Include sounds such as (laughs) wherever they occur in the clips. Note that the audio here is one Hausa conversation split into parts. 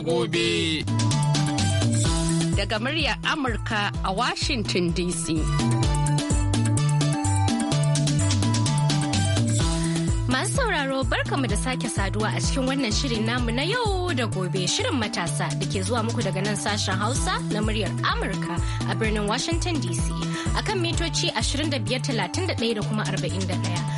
gobe. Daga muryar Amurka a Washington DC. Masu sauraro barkamu da sake saduwa a cikin wannan shirin namu na yau da gobe shirin matasa da ke zuwa muku daga nan sashen Hausa na muryar Amurka a birnin Washington DC akan mitoci 31 da kuma 41.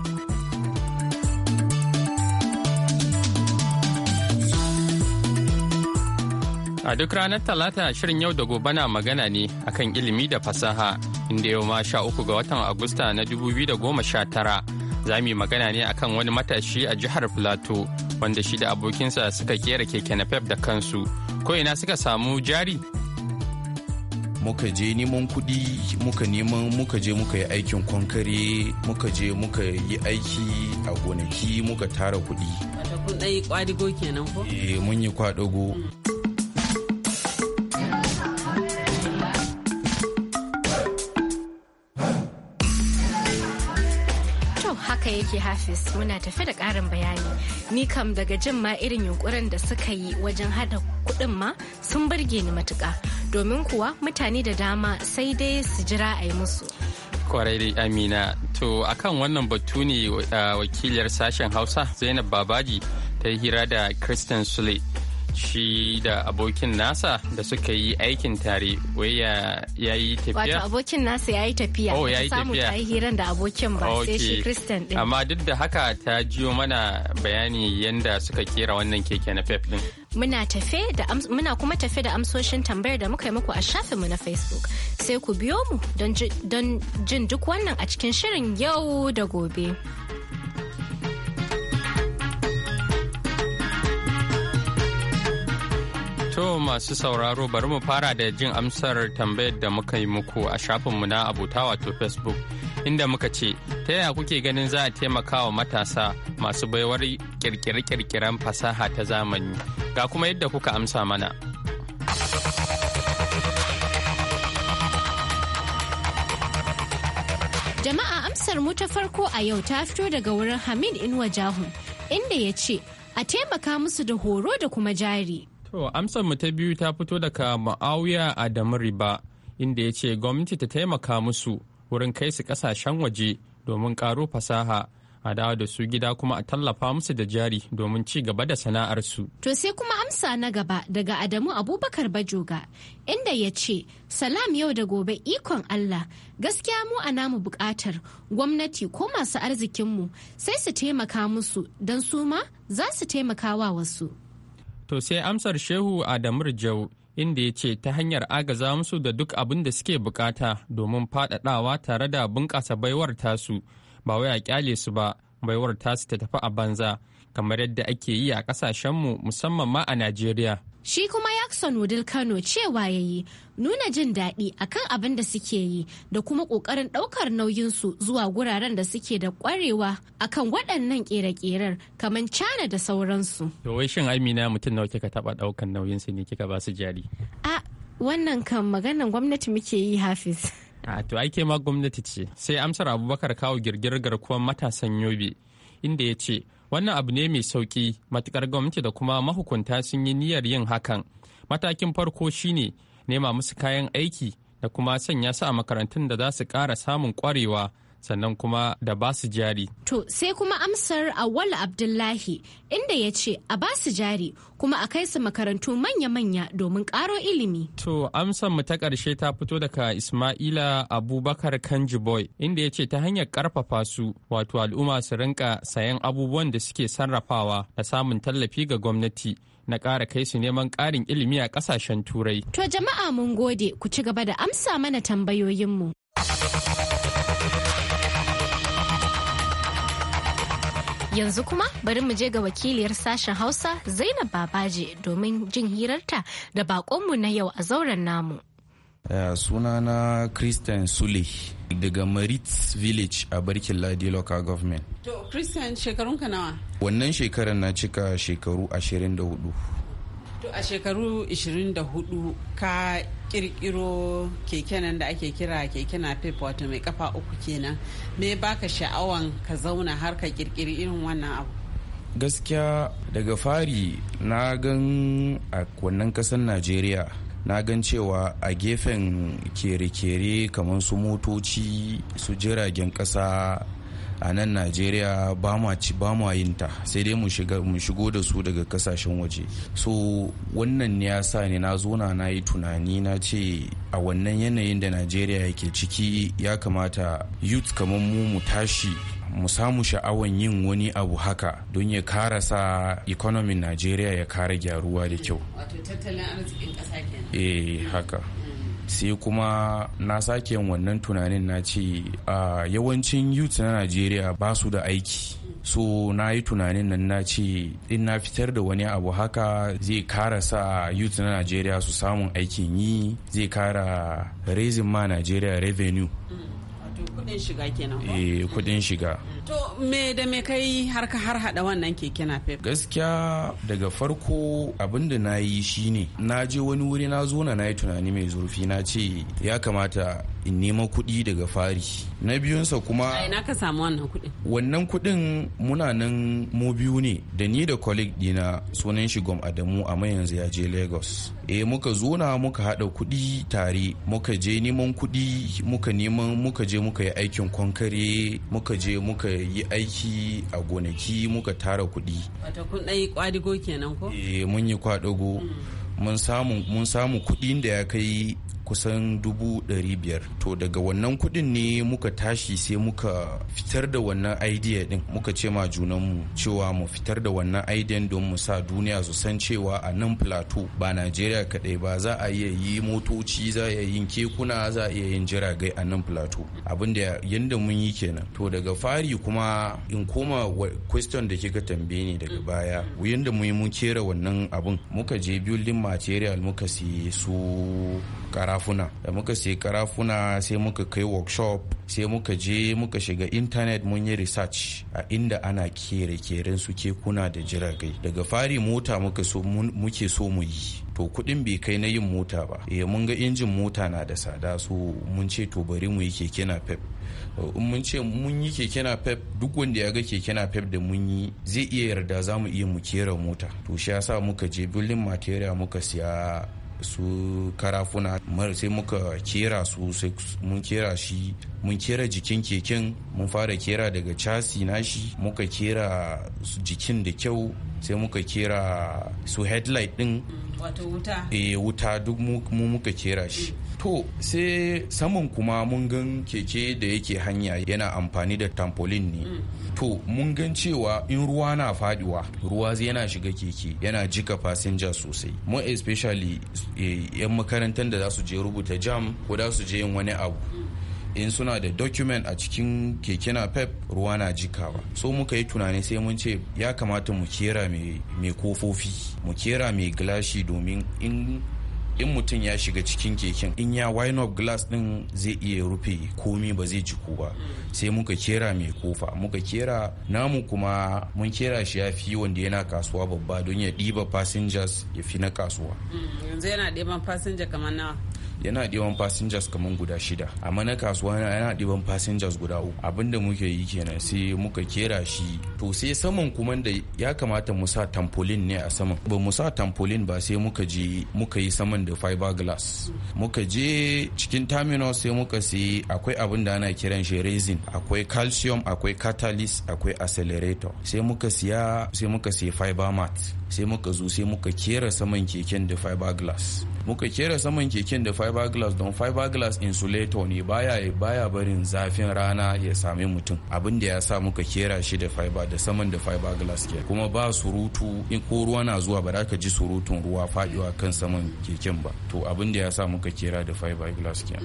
A duk ranar Talata shirin yau da gobe na magana ne akan ilimi da fasaha inda yau ma sha uku ga watan Agusta na dubu biyu da goma sha tara za mu yi magana ne akan wani matashi a jihar Filato wanda shi da abokinsa suka kera keke napep da kansu ko ina suka samu jari. Muka je neman kuɗi muka neman muka je muka yi aikin kwankare muka je muka yi aiki a gonaki muka tara kuɗi. Wata kun ɗai kwadigo kenan ko? Eh mun yi kwadago. Mm. nake Hafiz muna tafe da ƙarin bayani. Ni kam daga jin ma irin yunkurin da suka yi wajen hada kuɗin ma sun burge ni matuka Domin kuwa mutane da dama sai dai su jira a yi musu. kwarai da amina to akan wannan batu ne uh, wakiliyar sashen hausa zainab babaji ta yi hira da kristen sule shi da abokin nasa da suka yi aikin tare wai ya yi tafiya wato abokin nasa ya yi tafiya oh, ya yi tafiya samu ta yi hiran da abokin ba okay. sai shi kristen din amma duk da haka ta jiyo mana bayani yadda suka kera wannan keke na pep din muna tafe da muna kuma tafe da amsoshin tambayar da muka yi muku a mu na facebook sai ku biyo mu don jin duk wannan a cikin shirin yau da gobe. To masu sauraro bari mu fara da jin amsar tambayar da muka yi muku a shafinmu na abota wato Facebook inda muka ce ta yaya kuke ganin za a taimaka wa matasa masu baiwar kirkire-kirkiren fasaha ta zamani ga kuma yadda kuka amsa mana. Jama'a amsar mu ta farko a yau ta fito daga wurin Hamid Inuwa Jahun inda ya ce a taimaka musu da horo da kuma jari. To amsar mu ta biyu ta fito daga Ma'awiya Adamu Riba inda ya ce gwamnati ta taimaka musu wurin kai su kasashen waje domin karo fasaha a dawo da su gida kuma a tallafa musu da jari domin ci gaba da sana'arsu. To sai kuma amsa na gaba daga Adamu Abubakar Bajoga inda ya ce salam yau da gobe ikon Allah gaskiya mu a namu bukatar gwamnati ko masu arzikinmu sai su taimaka musu don su ma za su taimaka wa wasu. To sai amsar Shehu Adamu Jau inda ya ce ta hanyar agaza musu da duk abin da suke bukata domin faɗaɗawa tare da bunƙasa baiwar tasu ba wai a kyale su ba baiwar tasu ta tafi a banza kamar yadda ake yi a ƙasashenmu musamman ma a Najeriya. Shi kuma Yakson Wudil Kano cewa ya yi nuna jin daɗi a kan abin da suke yi da kuma ƙoƙarin ɗaukar nauyinsu zuwa guraren da suke da ƙwarewa a kan waɗannan ƙere-ƙerar kamar cana da sauransu. To wai shin Amina mutum nawa kika taɓa ɗaukar nauyinsu ne kika ba su jari? A wannan kan maganan gwamnati muke yi Hafiz. A to ke ma gwamnati ce sai amsar Abubakar kawo girgirgar kuma matasan Yobe inda ya ce wannan abu ne mai sauki matukar gwamnati da kuma mahukunta sun yi niyyar yin hakan matakin farko shine nema musu kayan aiki da kuma sanya su a makarantun da za su ƙara samun ƙwarewa sannan kuma da basu jari. To sai kuma amsar Awal Abdullahi inda ya ce a basu jari kuma a kai su makarantu manya-manya domin karo ilimi. To amsar mu ta ƙarshe ta fito daga Ismaila Abubakar Kanjiboy inda ya ce ta hanyar ƙarfafa su wato al'umma su rinka sayan abubuwan da suke sarrafawa da samun tallafi ga gwamnati. na ƙara kai su neman ƙarin ilimi a ƙasashen turai. To jama'a mun gode ku ci gaba da amsa mana tambayoyinmu. Yanzu kuma bari mu je ga wakiliyar sashen Hausa Zainab Babaje domin jin hirarta da baƙonmu na yau a zauren namu. Suna eh, sunana Christian Sule daga Maritz Village a Barkin Ladi Local Government. To, Christian shekarunka nawa? Wannan shekarar na cika shekaru 24. To a shekaru 24 ka kirkiro keke nan da ake kira keke na wato mai kafa uku kenan me baka sha'awan ka zauna har ka kirkiri irin wannan abu gaskiya daga fari na gan a wannan kasar najeriya na gan cewa a gefen kere-kere kamar su motoci su jiragen kasa a nan najeriya ba ma yin ta sai dai mu shigo da su daga kasashen waje so wannan ya sa ne na zo na yi tunani na ce a wannan yanayin da najeriya yake ciki ya kamata youth kamar mu mu tashi mu samu sha'awan yin wani abu haka don ya kara sa najeriya ya kara gyaruwa da kyau wato tattalin arzikin kenan eh, haka sai kuma na sake yin wannan tunanin na ce a yawancin youth na najeriya ba su da aiki so na yi tunanin nan na ce in na fitar da wani abu haka zai kara sa youth na najeriya su samun aikin yi zai kara raising ma najeriya revenue mm. kudin shiga kenan eh, kudin shiga mm. To me da me kai har ka har hada wannan keke na fef? Gaskiya daga farko abin da na yi shine na je wani wuri na zo na yi tunani mai zurfi na ce ya kamata in nema kuɗi daga fari. Na biyunsa kuma. na ka samu wannan kuɗin. Wannan kuɗin muna nan mu biyu ne da ni da colleague dina sunan shi Gom Adamu amma yanzu ya je Lagos. E muka zo muka hada kuɗi tare muka je neman kuɗi muka neman muka je muka yi aikin kwankare muka je muka yi aiki a gonaki muka tara kuɗi. Wata kun ɗai kwadigo kenan ko? Eh mun yi kwadago. Mm. Mun samu kuɗin da ya kai kusan dubu dari biyar to daga wannan kuɗin ne muka tashi sai muka fitar da wannan idea din muka ce ma junanmu cewa mu fitar da wannan idea don mu sa duniya su san cewa a nan plateau ba najeriya kaɗai ba za a iya yi motoci za a iya yin kekuna za a iya yin jiragai a nan plateau abinda yadda mun yi kenan to daga fari kuma in koma question da kika tambaye ni daga baya yadda mun yi mun kera wannan abin muka je building material muka siye su karafa karafuna da muka sayi karafuna sai muka kai workshop sai muka je muka shiga intanet mun yi research a inda ana kere-keren su kekuna da jiragai daga fari mota muke so mu yi to kuɗin bai kai na yin mota ba eh mun ga injin mota na da tsada so mun ce to bari mu yi keke na pep mun ce mun yi keke na pep duk wanda ya ga keke na pep da mun yi zai iya yarda za mu iya mu kera mota to shi yasa muka je building material muka siya su karafuna sai muka kera su sai mun kera shi mun kera jikin keken mun fara kera daga chasi nashi muka kera su jikin da kyau sai muka kera su headlight din wato wuta eh wuta duk mu muka kera shi mm. to sai saman kuma mun gan keke da yake hanya yana amfani da tampolin ne mm. to mun gan cewa in ruwa na faduwa ruwa yana shiga keke yana jika fasinja sosai mu especially eh, yan makarantar da za su je rubuta jam ko za su je yin wani abu mm. in suna da document a cikin keke na pep ruwa na jikawa so muka yi tunani sai mun ce ya kamata mu kera mai kofofi mu kera mai gilashi domin in in mutum ya shiga cikin keken in ya wine up glass din zai iya rufe komi ba zai jiku ba sai muka kera mai kofa muka kera namu kuma mun kera shi ya fi wanda yana kasuwa babba don ya ɗiba passengers ya fi na kasuwa hmm, yanzu yana passenger kamar nawa yana ɗiban passengers kamar guda shida amma na kasuwa yana ɗiban passengers guda uku abinda muke yi kenan sai muka kera shi to sai saman kuma da ya kamata mu sa tampolin ne a saman ba mu sa tampolin ba sai muka je muka yi saman da fiber glass muka je cikin terminal sai muka sai akwai abin da ana kiran shi resin akwai calcium akwai catalyst akwai accelerator sai muka siya sai muka sai fiber mat sai muka zo sai muka kera saman keken da fiberglass muka kera saman keken da fiberglass don fiberglass insulator ne baya baya barin zafin rana ya same mutum abin da ya sa muka kera shi da fiber da saman da fiberglass ke kuma ba surutu in ko ruwa na zuwa ba za ka ji surutun ruwa faɗiwa kan saman keken ba to abin da ya sa muka kera da fiberglass ke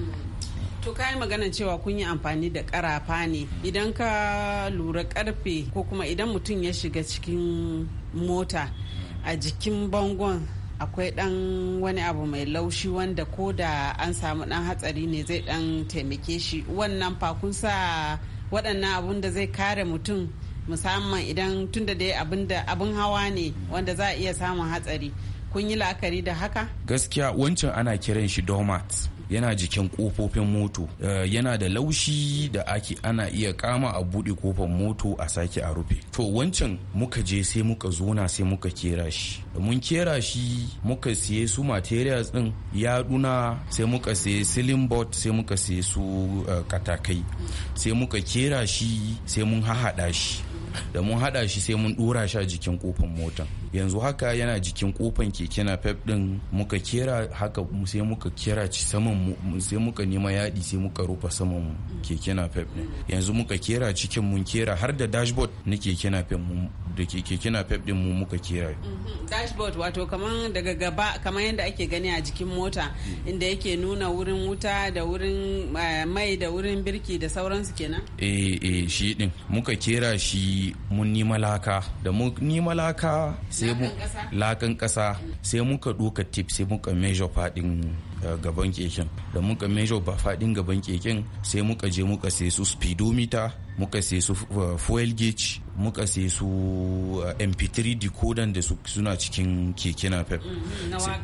To kayi maganan cewa kun yi amfani da karafa ne idan ka lura karfe ko kuma idan mutum ya shiga cikin mota a jikin bangon akwai dan wani abu mai laushi wanda ko da an samu dan hatsari ne zai dan taimake shi wannan fakunsa waɗannan abun da zai kare mutum musamman idan tunda dai abin hawa ne wanda za a iya samun hatsari kun yi la'akari da haka gaskiya wancan ana kiran shi domat yana jikin kofofin moto eh, yana da laushi da ake ana iya kama a bude kofar moto a sake a rufe to wancan muka je sai muka zona sai muka kera shi mun kera shi muka siye su materials din yaɗuna sai muka siye ceiling board sai muka siye su eh, katakai sai muka kera shi sai mun hahada shi da mun hada shi sai mun dora shi a jikin kofan motan yanzu haka yana jikin kofan keke na pep din muka kera haka sai muka kera ci saman sai muka nema yadi sai muka rufa saman keke na pep din yanzu muka kera cikin mun kera har da dashboard na keke na pep da keke na pep din mu muka kera mhm. dashboard wato kaman daga gaba kaman yadda ake gani a jikin mota mm. inda yake nuna wurin wuta da wurin eh, mai da wurin birki da sauransu kenan eh eh shi din muka kera shi mun nima laka da mun nima laka sai mu lakan kasa sai muka doka tip sai muka measure fadin eh, gaban keken da muka measure ba fadin gaban keken sai muka je muka sai su speedometer muka sai su uh, fuel gauge muka sai su uh, mp3 decoder da suna cikin keke mm-hmm, na pep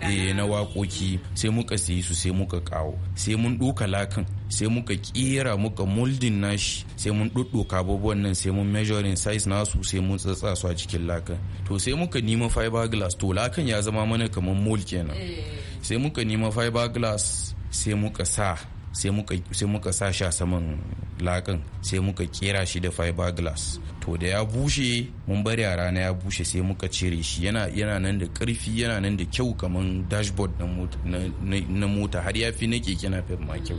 eh, na waƙoƙi sai muka sai su sai muka kawo sai mun doka lakan sai muka kera muka molding nashi sai mun ɗuɗɗuka abubuwan nan sai mun measuring size nasu sai mun tsatsa su a cikin lakan to sai muka nima fiberglass to lakan ya zama mana kamar mold kenan eh. sai muka nima fiberglass sai muka sa sai muka sa shi a saman lakan sai muka kera shi da fiberglass to da ya bushe mun bari a rana ya bushe sai muka cire shi yana nan da karfi yana nan da kyau kamar dashboard na mota har ya fi na keke na ma kyau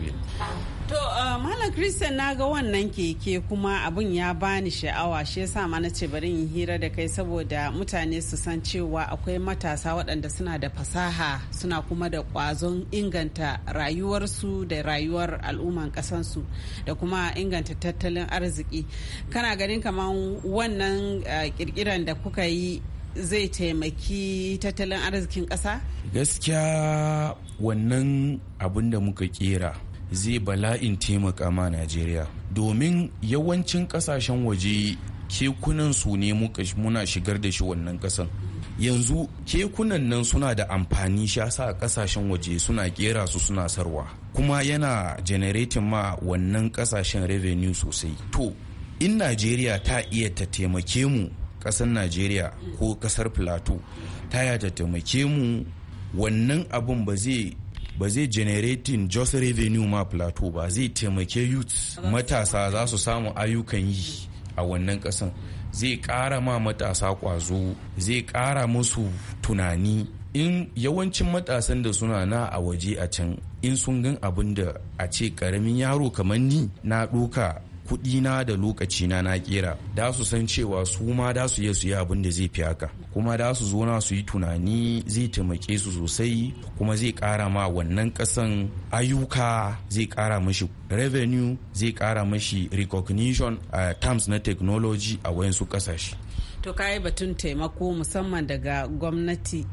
to eh, Mallam Christian na ga wannan keke kuma abin ya bani sha'awa shi yasa ma na ce bari in hira da kai saboda mutane su san cewa akwai matasa waɗanda suna da fasaha suna kuma da ƙwazon inganta rayuwarsu da rayuwar al'umman ƙasansu da kuma inganta tattalin arziki. Kana ganin kamar wannan eh, ƙirƙiran da kuka yi zai taimaki tattalin arzikin ƙasa? Gaskiya wannan abin da muka kera. zai bala'in taimaka ma najeriya domin yawancin kasashen waje kekunan su ne muna shigar da shi wannan kasan yanzu kekunan nan suna da amfani shasa a kasashen waje suna kera su suna sarwa kuma yana generating ma wannan kasashen revenue sosai to in najeriya ta iya ta taimake mu kasar najeriya ko kasar plateau ta ya ta taimake mu wannan abun ba zai ba zai generating jos revenue ma plateau ba zai taimake youth matasa za su samu ayyukan yi a wannan kasan zai kara ma matasa kwazo zai kara musu tunani in yawancin matasan da suna na a waje a can in sun gan abin da a ce karamin yaro kamar ni na ɗoka kuɗina da lokacina na kera da su san cewa su ma da su su yi abin da zai fi haka kuma da su zo na su yi tunani zai taimake su sosai kuma zai ƙara ma wannan ƙasan ayyuka zai ƙara mashi revenue zai ƙara mashi recognition a eh, terms na technology a wayansu kasashe. to kayi batun taimako musamman daga gwamnati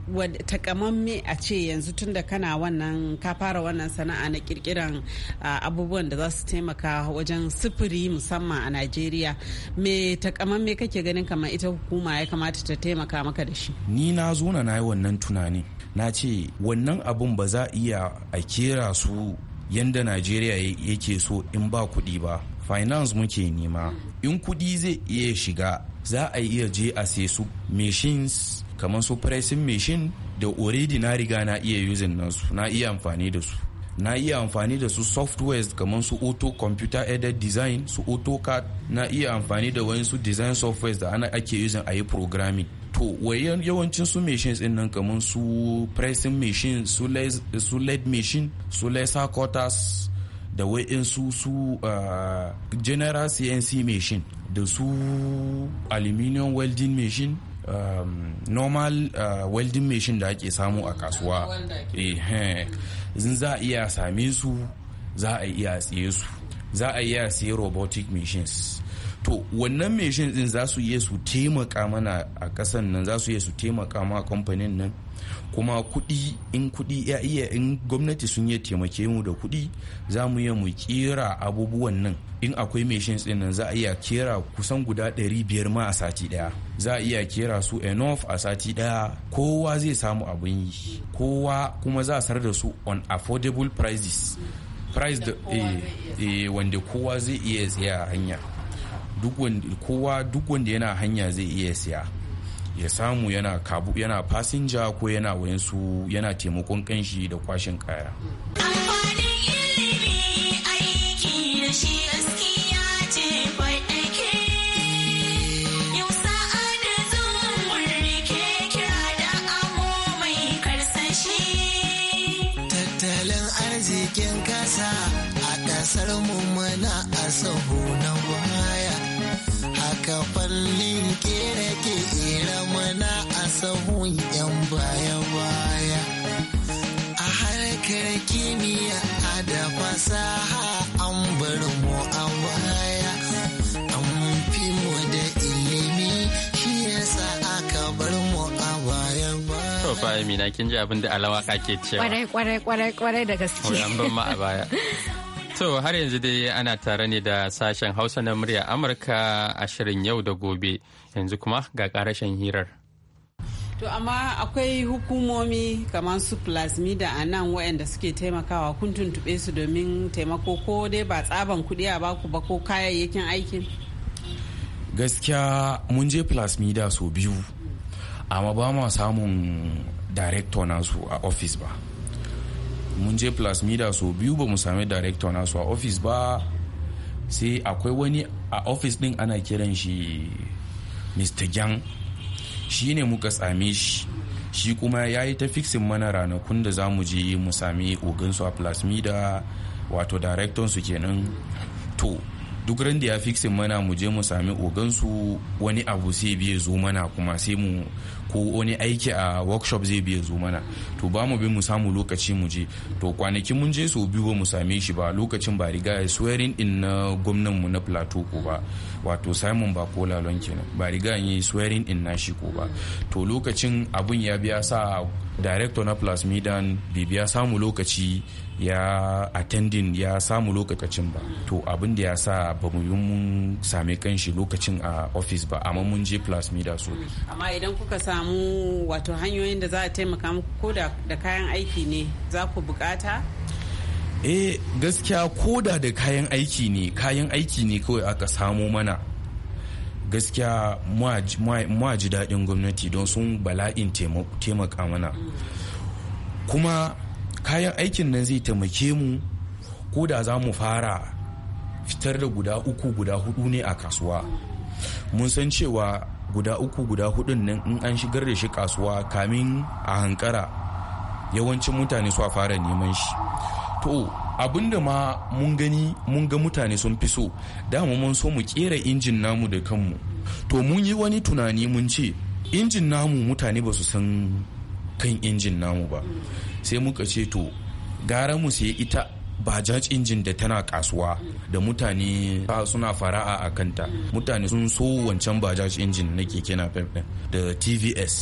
takamamme a ce yanzu tun da kana wannan ka fara wannan sana'a na kirkiran abubuwan da za su taimaka wajen sufuri musamman a najeriya me takamamme kake ganin kamar ita hukuma ya kamata ta taimaka maka da shi ni na zo na yi wannan tunani na ce wannan abun ba za iya a kera su yanda najeriya yake so in ba kuɗi ba finance muke nema mm. in kuɗi zai iya shiga za a iya je a sai su machines kamar su pressing machine da already na riga na iya using nasu na iya amfani da su na iya amfani da su softwares kamar su auto computer aided design su autocad na iya amfani da su design softwares da ana ake using a yi programming to wayan yawancin su machines din nan kamar su pressing machine su led machine su laser cutters da wa'insu su ah, general cnc machine da su aluminium welding machine um, normal uh, welding machine da ake samu a kasuwa zin za a iya same su za a iya tsaye su za a iya siye robotic machines to wannan meshin din za su iya su taimaka mana a kasan nan za su iya su taimaka ma kamfanin nan kuma kuɗi in kuɗi ya iya in gwamnati sun iya taimake mu da kuɗi za mu iya mu kera abubuwan nan in akwai meshin din nan za a iya kera kusan guda 500 ma a sati daya za a iya kera su enough a sati daya kowa zai samu abin yi kowa kuma za a sar da su on affordable prices price da wanda kowa eh, zai iya eh, tsaye a hanya kowa duk wanda yana hanya zai iya siya ya samu yana kabu yana fasinja ko yana wayansu yana taimakon kanshi da kwashin kaya arzikin ƙasa a kasar mu mana a sahu na baya saka fallin ke kere mana a sahun 'yan baya-baya. A harkar kimiyya a da fasaha an bar mu a baya. An fi mu da ilimi shi yasa aka bar mu a baya-baya. To fa Amina kin ji abin da alawaka ke cewa. Kwarai kwarai kwarai kwarai da gaske. Ko an a baya. (laughs) To har yanzu dai ana tare ne da sashen Hausa na murya Amurka a shirin yau da gobe yanzu kuma ga karashen hirar. To amma akwai hukumomi kamar su plasmida a nan waɗanda suke taimakawa kun tuntuɓe su domin taimako ko dai ba tsaban kuɗi a baku ba ko kayayyakin aikin? Gaskiya mun je plasmida sau biyu amma ba ma samun director nasu a office ba. mun je plasmida su biyu ba mu sami director nasu a ofis ba sai akwai wani a ofis din ana kiran shi mr gang shi ne muka same shi shi kuma ya yi ta fixin mana ranakun da za mu je mu sami ogansu a plasmida wato director su kenan to duk ran da ya fiksin mana mu je mu sami ogansu wani abu sai biye zo mana kuma sai mu ko wani aiki a workshop zai biya zo mana to ba mu bi mu samu lokaci mu je to kwanakin mun je sau biyu ba mu same shi ba lokacin ba riga ya swearing in na gwamnan mu na plateau ko ba wato simon ba ko lalon kenan ba riga ya swearing in na shi ko ba to lokacin abun ya biya sa director na plasmidan bibiya biya samu lokaci ya attending ya samu lokacin ba to abin da ya sa ba mu yi mun sami kanshi lokacin a office ba amma mun je plus so amma idan kuka samu wato hanyoyin da za a taimaka muku ko da kayan aiki ne za ku bukata eh gaskiya ko da da kayan aiki ne kayan aiki ne kawai aka samu mana gaskiya ma ji daɗin gwamnati don sun bala'in taimaka mana mm. kuma kayan aikin nan zai taimake mu ko da za mu fara fitar da guda uku guda hudu ne a kasuwa mun san cewa guda uku guda hudun nan in an shigar da shi kasuwa kamin a hankara yawancin mutane su a fara neman shi to abinda ma mun gani mun ga mutane sun fi so dama mun so mu kera injin namu da kanmu to mun yi wani tunani mun ce injin namu mutane ba su san kan injin namu ba sai muka ce to gara mu sai ita ba jaj injin da tana kasuwa da mutane suna fara'a a kanta mutane sun so wancan ba jaj injin na keke na ɗin da tvs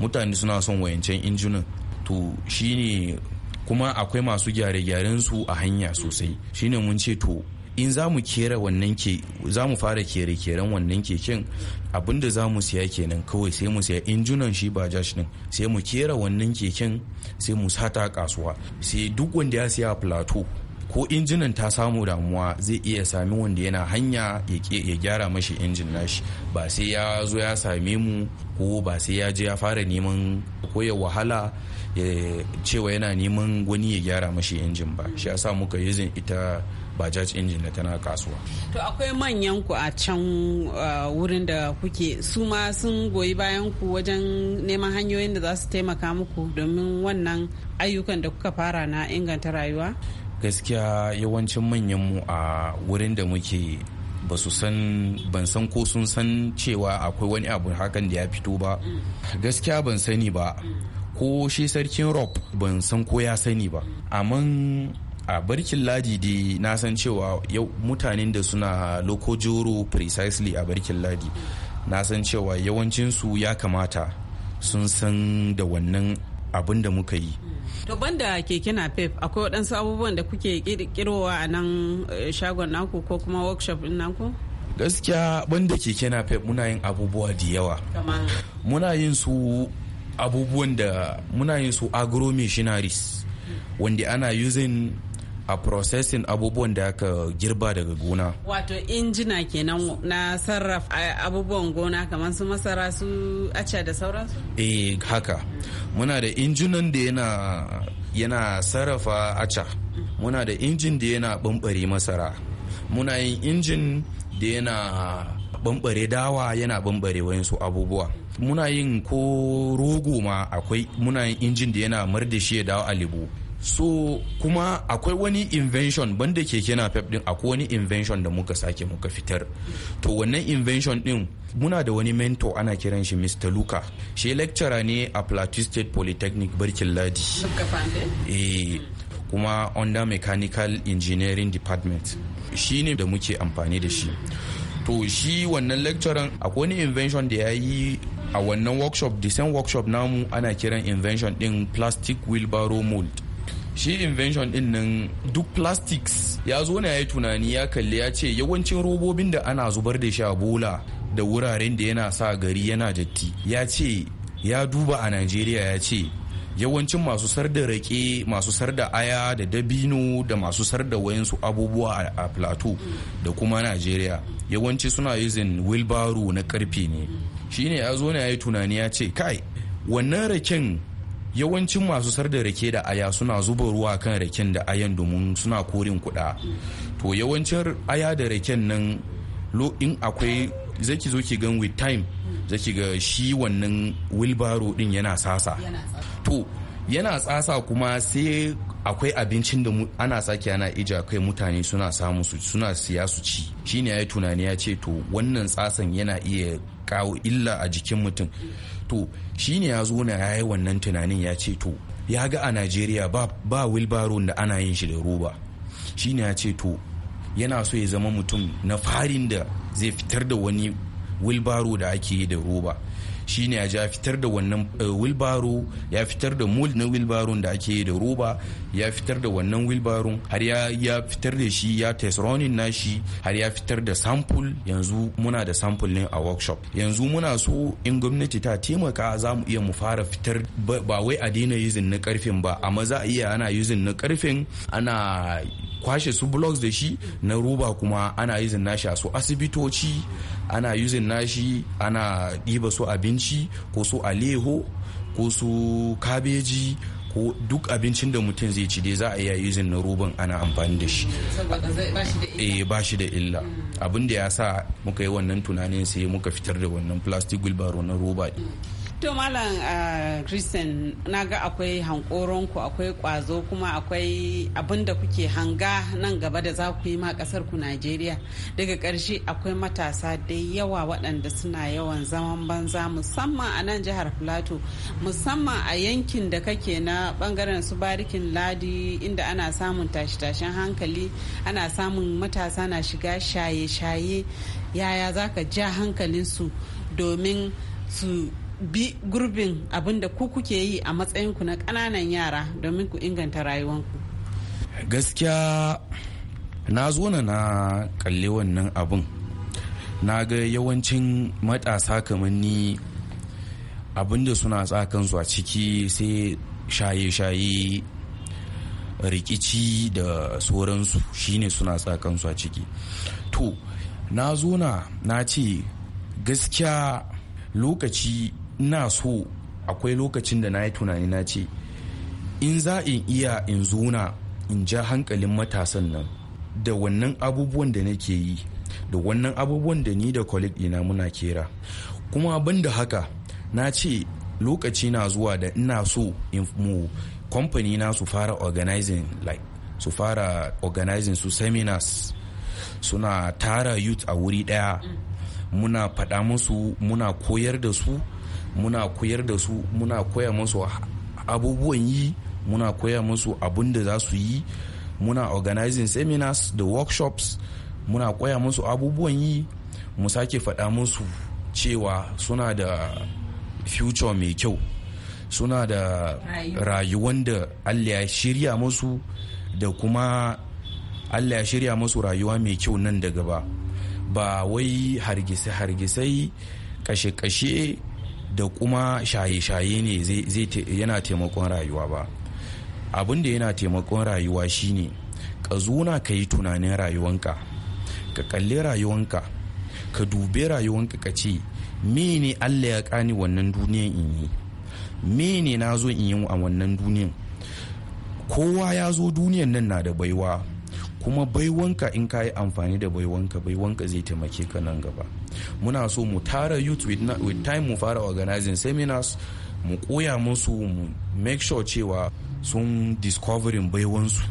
mutane suna son wayancan injunan to shine kuma akwai masu gyare-gyaren su a hanya sosai shine mun ce to in za mu kera wannan ke za mu fara kere keren wannan keken abinda za mu siya kenan kawai sai mu siya injunan shi ba jash din sai mu kera wannan keken sai mu sata kasuwa sai duk wanda ya siya plateau ko injinan ta samu damuwa zai iya sami wanda yana hanya ya gyara mashi injin nashi ba sai ya zo ya same mu ko ba sai ya je ya fara neman ko ya wahala eh, cewa yana neman wani ya gyara mashi injin ba shi ya sa muka yuzin ita bajaj injin da tana kasuwa to akwai manyan ku a can uh, wurin da kuke su ma sun goyi bayan ku wajen neman hanyoyin da za su taimaka muku domin wannan ayyukan da kuka fara na inganta rayuwa gaskiya yawancin manyan mu a wurin da muke ba su san ban san ko sun san cewa akwai wani abu hakan da ya fito ba mm. gaskiya ban sani ba mm. ko shi sarkin rob ban san ko ya sani ba amma a barkin ladi dai na san cewa yau mutanen da suna lokojoro precisely a barkin ladi na san cewa yawancinsu ya kamata sun san da wannan abin da muka yi to banda keke na pep akwai waɗansu abubuwan da kuke kirowa a nan eh, shagon naku ko kuma workshop din naku gaskiya banda keke na pep muna yin abubuwa da yawa muna yin su abubuwan da muna yin su agro missionaries wanda ana using a processing abubuwan da aka girba daga gona wato injina kenan na sarrafa abubuwan gona kamar su masara su aca da sauransu eh haka muna da injinan da yana yana sarrafa aca muna da injin da yana bambare masara muna yin injin da yana bambare dawa yana bambare wayansu abubuwa muna yin ko rogo ma akwai muna yin injin da yana murda shi ya dawo alibu so kuma akwai wani invention banda keke na pep din akwai wani invention da muka sake muka fitar to wannan invention din muna da wani mentor ana kiran shi mr luka shi lecturer ne a plateau state polytechnic barkin ladi eh, kuma under mechanical engineering department shi ne da muke amfani da shi to shi wannan lecturer akwai wani invention da ya yi a wannan workshop design workshop namu ana kiran invention din plastic wheelbarrow mold shi invention din nan duk plastics ya zo ne ya tunani ya kalli ya ce yawancin robobin da ana zubar da shi a bola da wuraren da yana sa gari yana datti ya ce ya duba a nigeria ya ce yawancin masu sarda rake masu sarda aya da dabino da masu sar da wayansu abubuwa a plateau da kuma nigeria yawanci suna using wilbaro na karfe ne shine ya zo ne ya yi tunani ya ce kai wannan raken yawancin masu sar da rake da aya suna zuba ruwa kan raken da ayan domin suna korin kuɗa to yawancin aya da raken nan in akwai zaki zo ki gan with time zaki ga shi wannan wilbaro din yana sasa to yana tsasa kuma sai akwai abincin da ana sake ana ija kai mutane suna samu su suna siya su ci shine ya yi tunani ya ce to wannan tsasan yana iya kawo illa a jikin mutum to shi ne ya zo na ya yi wannan tunanin ya ce to ya ga a najeriya ba ba wilbaro da ana yin shi da roba shi ne ya ce to yana so ya zama mutum na farin da zai fitar da wani wilbaro da ake yi da roba shi shine eh, ya fitar da wannan wilbaro ya fitar da mul na wilbaron da ake yi da roba ya fitar da wannan wilbaron har ya fitar da shi ya test running nashi har ya fitar da sample yanzu muna da sample ne a workshop yanzu muna so in gwamnati ta taimaka za mu iya mu fara fitar ba wai a daina yuzin na karfin ba amma za a iya ana yuzin na karfin ana kwashe su blocks da shi na roba kuma ana yuzin nashi a su asibitoci ana yuzin nashi ana ɗiba su abinci ko su aleho ko su kabeji ko duk abincin da mutum zai ci dai za a iya yuzin na roban ana amfani da shi ba shi da illa eh, mm. abin da ya sa muka yi wannan tunanin sai muka fitar da wannan plastic wheelbarrow na roba To Malam uh, Christian na ga akwai hankoronku akwai kwazo kuma akwai abin da kuke hanga nan gaba da za ku yi ma kasar ku Najeriya. Daga ƙarshe akwai matasa da yawa waɗanda suna yawan zaman banza musamman a nan jihar Filato musamman a yankin da kake na ɓangaren su barikin ladi inda ana samun tashi-tashen hankali ana samun matasa na shiga shaye-shaye yaya za ka ja hankalinsu domin su bi gurbin abin da ku kuke yi a matsayinku na ƙananan yara domin ku inganta rayuwanku gaskiya na zo na na kalli wannan abin na ga yawancin matasa kamar ni da suna tsakansu a ciki sai shaye-shaye rikici da sauransu shine suna tsakansu a ciki to na zo na ce gaskiya lokaci na so akwai lokacin da na yi tunani na ce in za in iya in zuna in ja hankalin matasan nan da wannan abubuwan da nake yi da wannan abubuwan da ni da colleague ina muna kera kuma abin da haka na ce lokaci na zuwa da ina so in mu kamfani na su fara organizing like su fara organizing su seminars suna tara youth a wuri daya mm. muna faɗa musu muna koyar da su muna koyar da su muna koya musu abubuwan yi muna koya musu abun da za su yi muna organizing seminars da workshops muna koya musu abubuwan yi mu sake faɗa musu cewa suna da future mai kyau suna da rayuwan da allah ya shirya musu da kuma allah ya shirya musu rayuwa mai kyau nan da gaba ba wai hargise-hargisai kashe-kashe da kuma shaye-shaye ne yana taimakon rayuwa ba abin da yana taimakon rayuwa shine ka zuna ka yi tunanin rayuwanka ka kalli rayuwanka ka dube rayuwanka ka ce mene allah ya kani wannan duniyan in yi mene na zo in yi a wannan duniyan kowa ya zo duniyan nan na da baiwa kuma baiwanka in ka yi amfani da baiwanka baiwanka zai taimake ka nan gaba muna so mu tara youth with time mu fara organizing seminars mu koya musu mu make sure cewa sun discovering baiwansu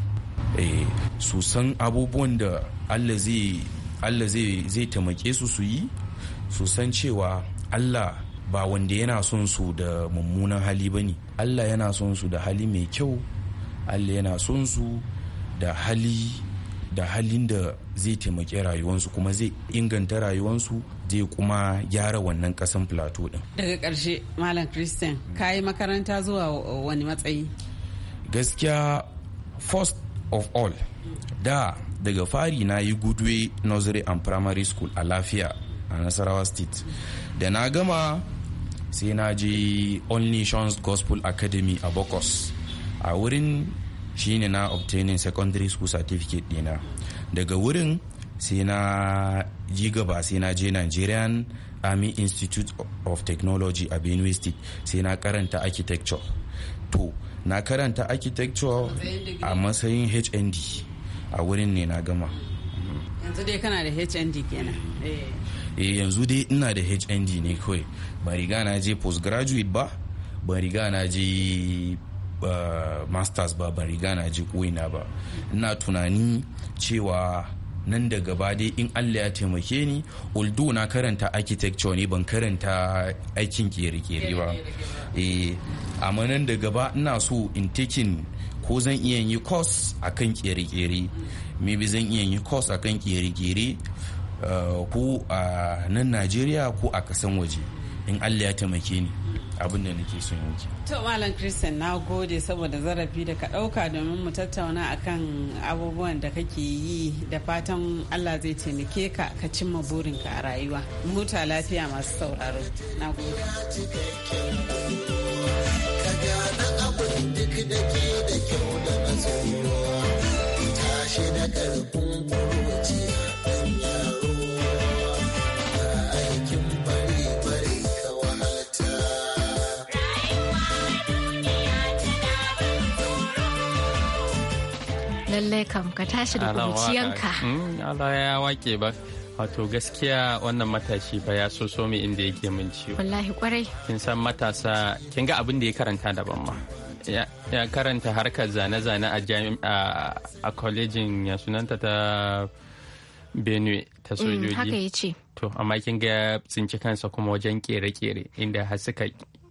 eh, su san abubuwan da allah zai taimake su su yi su san cewa allah ba wanda yana son su da mummunan hali ba ne allah yana son su da hali mai kyau allah yana son su da hali da halin da zai taimaki rayuwarsu kuma zai inganta rayuwarsu zai kuma gyara wannan kasan plateau din daga karshe malam christian ka yi makaranta zuwa wani matsayi gaskiya first of all da daga fari na yi goodway nursery and primary school a lafiya a nasarawa state da na gama sai na je all nations gospel academy a bokos a wurin shine na obtaining secondary school certificate dina daga wurin sai na ji gaba sai na je nigerian army institute of technology a benue state sai na karanta architecture to na karanta architecture a matsayin hnd a wurin ne na gama yanzu dai kana da hnd kenan eh. eh yanzu dai ina da hnd ne kawai ban riga na je postgraduate ba ban riga na je masters ba ba riga na ji ko'ina ba ina tunani cewa nan da gaba dai in allah ya taimake ni uldu na karanta architecture ne ban karanta aikin kere-kere ba eh, amma nan da gaba ina so in taking ko zan iya yi course akan kere-kere maybe zan iya yi course akan kere-kere eh, ko a nan najeriya ko a kasan waje in allah ya taimake ni abin da nake son yanki. To Malam Christian na gode saboda zarafi da ka ɗauka domin mu tattauna akan abubuwan da kake yi da fatan Allah zai taimake ka ka cimma burinka a rayuwa. Muta lafiya masu sauraro. Na gode. lallai kam ka tashi da kuruciyanka mm, Allah ya wake ba wato gaskiya wannan matashi ba ya so so mai inda yake min ciwo wallahi kwarai kin san matasa kin ga abin da ya karanta daban ma ya karanta harkar zane-zane a a kwalejin ya sunanta ta benue ta mm, sojoji haka ya ce to amma kin ga tsinci kansa kuma wajen kere-kere inda har suka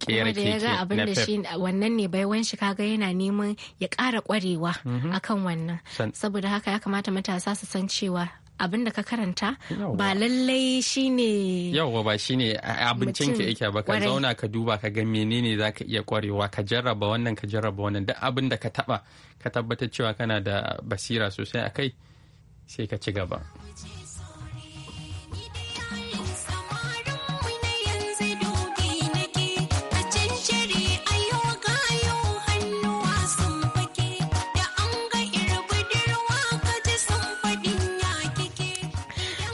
kera ya ga abin da shi wannan ne bai shi kaga yana neman ya ƙara ƙwarewa mhm. akan wannan saboda haka ya kamata matasa su san cewa abin da ka karanta ba lallai shi ne. yau ba shi ne abincin ki yake ba ka zauna ka duba ka ga menene za ka iya kwarewa ka jarraba wannan ka jarraba wannan duk abin da ka taba ka tabbatar cewa kana da basira sosai akai sai ka ci gaba.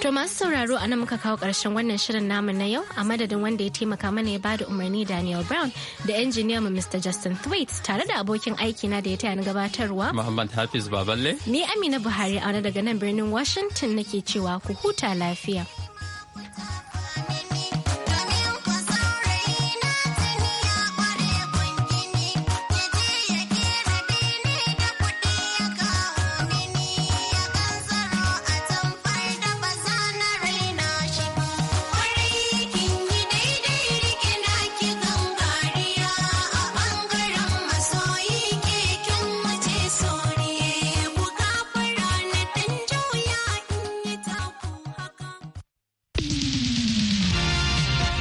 To masu sauraro a nan muka kawo ƙarshen wannan shirin namu na yau a madadin wanda ya taimaka mana ya bada umarni Daniel Brown da injiniya mu Mr. Justin Thwait tare da abokin aiki na da ya taya ni gabatarwa. Muhammad Hafiz Baballe. Ni Amina Buhari a daga nan birnin Washington nake cewa ku huta lafiya.